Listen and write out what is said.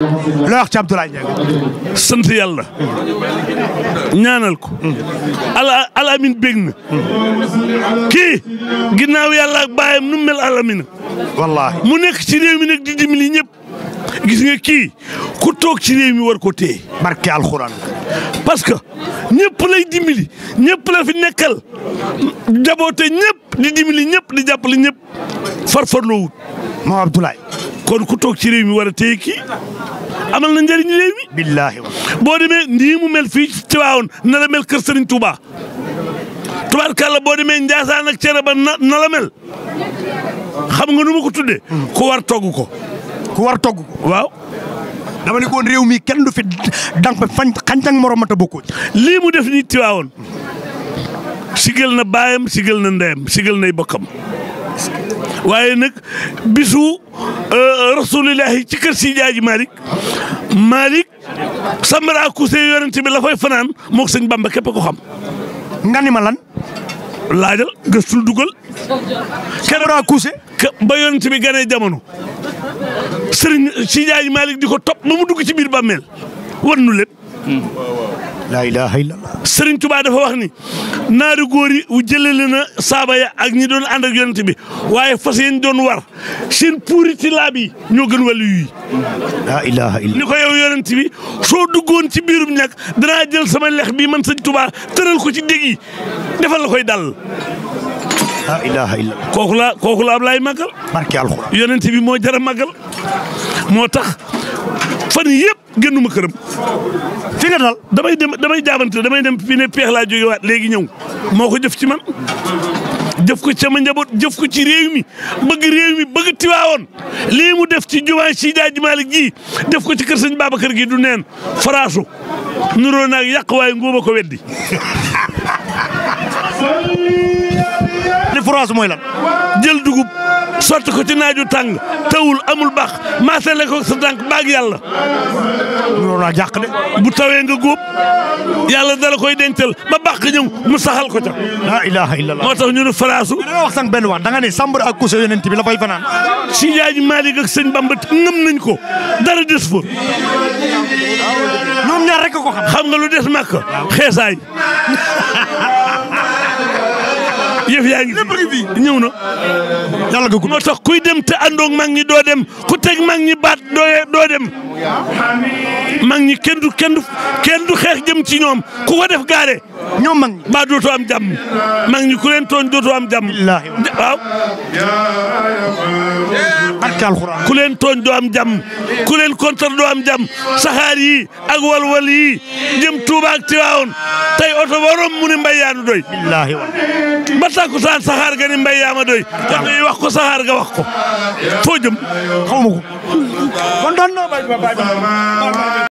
loo wax ci Abdoulaye Ndiaye. sant yàlla. ñaanal ko. ala alamin bég na. kii ginnaaw yàlla baayam nu mel alamin. wallaahi mu nekk ci réew mi nag di dimbali ñëpp. gis nga kii ku toog ci réew war ko téye. barke alxuraan. parce que ñëpp lay dimbali ñëpp la fi nekkal jaboote ñëpp di dimbali ñëpp di jàppale ñëpp farfarloo kon ku toog ci réew mi war a téye kii amal na njëriñ réew billaahi boo demee mu mel fii ci Tiwaawoon na la mel kër Serigne Touba tubaarkàlla boo demee Ndiassane ak cere ba na na mel xam nga nu ma ko tuddee. ku war ku war togg ko waaw. dama ne ko woon réew mi kenn du fi dànk fañ xañtang moromata bokkoo ci. mu def nii Tiwaawoon sigal na baayam sigël na ndeyam sigël nay bokkam waaye nag bisu. Euh, rasulillahi ci kër si jaaji Malick Malick Sambara Kousé yonent bi fanaan mook sëñ Bamba képp ko xam. nga ni ma laajal gëstul dugal. Sambara Kousé. ba yonent bi ganee jamono sëriñ si jaaji Malick di ko topp ba mu dugg ci biir bàmmeel wan nu lépp. la ilaha illallah. sëriñ wax ni. naari góor yi jëlale na saaba ya ak ñi doon ànd ak bi waaye fas yéen doon war seen puuriti laab yi ñoo gën wàllu yi. laa ilaaha illa ko yow bi soo duggoon ci biirum ñàkk danaa jël sama lex bii man sëñ Tuubaa tëral ko ci dég yi defal la koy dal. laa ilaaha illa kooku la kooku la Ablaay màggal. barke bi moo jar a moo tax. fan yii yëpp génnuma këram fi nga dal damay dem damay jaabante damay dem fi ne peex laa jóge waat léegi ñëw moo ko jëf ci man jëf ko sama njaboot jëf ko ci réew mi bëgg réew mi bëgg tiwaawoon lii mu def ci jumaa si Jaaji Maalik ji def ko ci kër sëñ Babacar gi du neen faraasu nuroo naag yàq waaye nguuba ko weddi ne forage mooy lan jël dugub sotti ko ci naaju tàng tawul amul baax maasale ko sa tànk baag yàlla loolu laa jàq de bu tawee nga góob yàlla dala koy dencal ba baax ñëw mu saxal ko ca. la ilaha illallah moo tax ñu ne forage da nga benn wax da nga ne Samb ak Kousé yonent bi la fay fanaan. si Njaaji Malick ak sëñ Bamba ngëm nañ ko dara des fa. ñoom ñaar rek ko xam. nga lu des màkk xeesaay. jëf yaa ngi fi ñëw na euh, yàlla ko moo tax kuy dem te àndoog mag ñi doo dem ku teg mag ñi baat doo doo dem mag ñi kenn du kenn xeex jëm ci ñoom ku ko def gaare ñoom mag ñi ba dootoo am jàmm mag ñi ku leen tooñ dootoo am jàmm waaw barke alxuraan ku leen tooñ doo am jàmm ku leen kontar am jàmm saxaar yi ak walwal yi jëm Tuuba ak Tiwaawoon tey oto borom mu ni mbayyaanu doy billaahi wa saan saxaar ga ni mbéyyaama doy te wax ko saxaar ga wax ko foo jëm